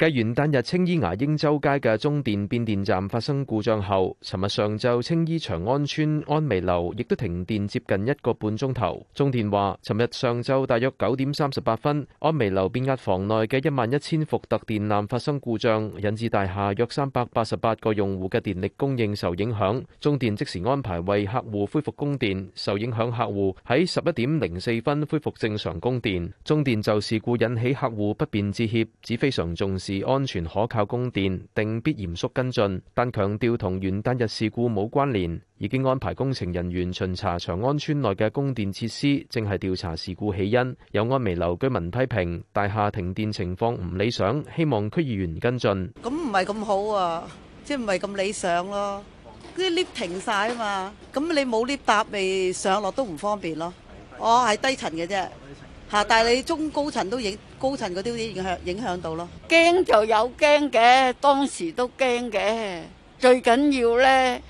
繼元旦日青衣牙英洲街嘅中電變電站發生故障後，尋日上晝青衣長安邨安湄樓亦都停電接近一個半鐘頭。中電話尋日上晝大約九點三十八分，安湄樓變壓房內嘅一萬一千伏特電纜發生故障，引致大廈約三百八十八個用戶嘅電力供應受影響。中電即時安排為客戶恢復供電，受影響客戶喺十一點零四分恢復正常供電。中電就事故引起客戶不便致歉，指非常重視。是安全可靠供電，定必嚴肅跟進，但強調同元旦日事故冇關聯。已經安排工程人員巡查長安邨內嘅供電設施，正係調查事故起因。有安湄樓居民批評大廈停電情況唔理想，希望區議員跟進。咁唔係咁好啊，即係唔係咁理想咯？啲 lift 停晒啊嘛，咁你冇 lift 搭，咪上落都唔方便咯。哦，係低層嘅啫，吓，但係你中高層都影。高層嗰啲啲影響影響到咯，驚就有驚嘅，當時都驚嘅。最緊要咧，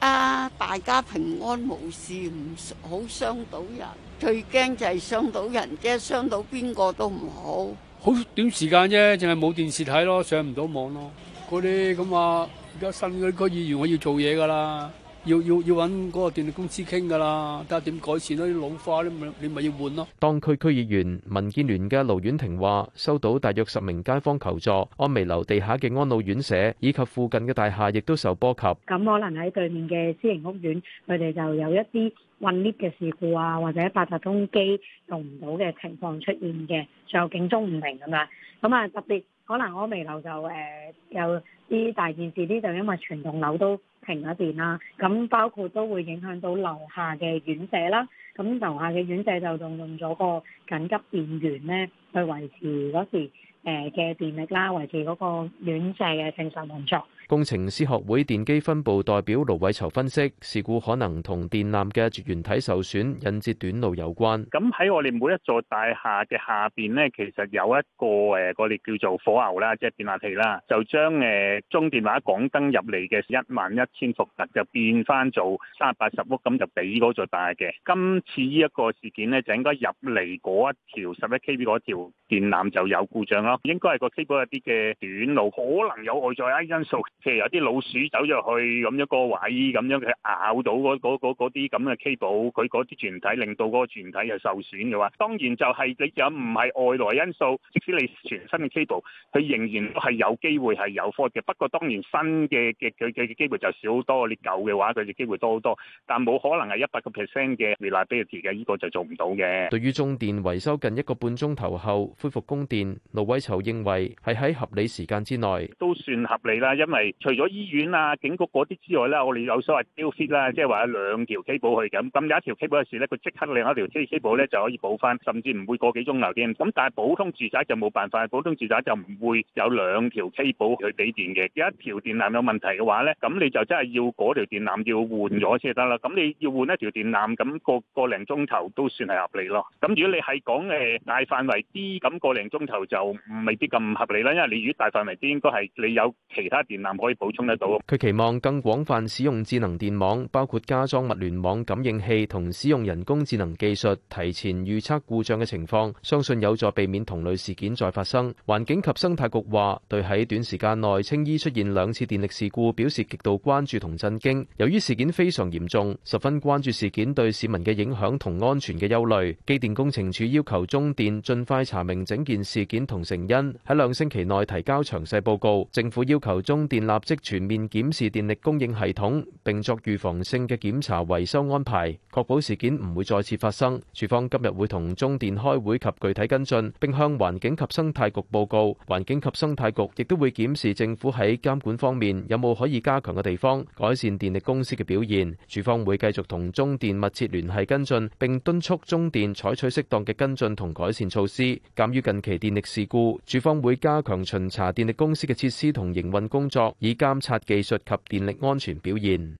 啊大家平安無事，唔好傷到人。最驚就係傷到人啫，傷到邊個都唔好。好短時間啫，淨係冇電視睇咯，上唔到網咯。嗰啲咁啊，而家新嗰啲區議員我要做嘢㗎喇。要要要揾嗰個電力公司傾噶啦，睇下點改善咯，啲老化啲，你咪要換咯。當區區議員民建聯嘅盧婉婷話：收到大約十名街坊求助，安湄樓地下嘅安老院舍以及附近嘅大廈亦都受波及。咁可能喺對面嘅私營屋苑，佢哋就有一啲混 lift 嘅事故啊，或者八達通機用唔到嘅情況出現嘅，仲有警鐘唔明咁樣。咁啊，特別。可能我湄樓就誒、呃、有啲大件事啲，就因為全棟樓都停咗電啦，咁包括都會影響到樓下嘅院舍啦，咁樓下嘅院舍就動用咗個緊急電源咧，去維持嗰時，誒嘅電力啦，維持嗰個暖制嘅正常運作。工程師學會電機分部代表盧偉籌分析，事故可能同電纜嘅絕緣體受損、引致短路有關。咁喺我哋每一座大廈嘅下邊呢，其實有一個誒、嗰個列叫做火牛啦，即係變壓器啦，就將誒、呃、中電話廣登入嚟嘅一萬一千伏特就變返做三百八十伏，咁就俾嗰座大嘅。今次呢一個事件呢，就應該入嚟嗰一條十一 k b 嗰條電纜就有故障咯。應該係個 cable 一啲嘅短路，可能有外在一因素，譬如有啲老鼠走咗去咁樣，個蟻咁樣佢咬到嗰啲咁嘅 cable，佢嗰啲絕緣體令到嗰個絕緣體係受損嘅話，當然就係你又唔係外來因素，即使你全新嘅 cable，佢仍然都係有機會係有 fault 嘅。不過當然新嘅嘅嘅嘅機會就少好多，你舊嘅話佢嘅機會多好多，但冇可能係一百個 percent 嘅 reliability 嘅，呢個就做唔到嘅。對於中電維修近一個半鐘頭後恢復供電，盧偉認為係喺合理時間之內，都算合理啦。因為除咗醫院啊、警局嗰啲之外咧，我哋有所謂 double 啦，即係話有兩條 cable 去咁。咁有一條 cable 嘅時咧，佢即刻另一條 cable cable 咧就可以補翻，甚至唔會過幾鐘頭添。咁但係普通住宅就冇辦法，普通住宅就唔會有兩條 cable 去俾電嘅。有一條電纜有問題嘅話咧，咁你就真係要嗰條電纜要換咗先得啦。咁你要換一條電纜，咁、那個個零鐘頭都算係合理咯。咁如果你係講誒大範圍啲，咁、呃、個零鐘頭就。唔未必咁唔合理啦，因為你如果大範圍啲，應該係你有其他電纜可以補充得到。佢期望更廣泛使用智能電網，包括加裝物聯網感應器同使用人工智能技術，提前預測故障嘅情況，相信有助避免同類事件再發生。環境及生態局話，對喺短時間內青衣出現兩次電力事故表示極度關注同震驚。由於事件非常嚴重，十分關注事件對市民嘅影響同安全嘅憂慮。機電工程署要求中電盡快查明整件事件同成原因喺兩星期內提交詳細報告。政府要求中電立即全面檢視電力供應系統，並作預防性嘅檢查、維修安排，確保事件唔會再次發生。署方今日會同中電開會及具體跟進，並向環境及生態局報告。環境及生態局亦都會檢視政府喺監管方面有冇可以加強嘅地方，改善電力公司嘅表現。署方會繼續同中電密切聯繫跟進，並敦促中電採取適當嘅跟進同改善措施。鑒於近期電力事故，主方會加強巡查電力公司嘅設施同營運工作，以監察技術及電力安全表現。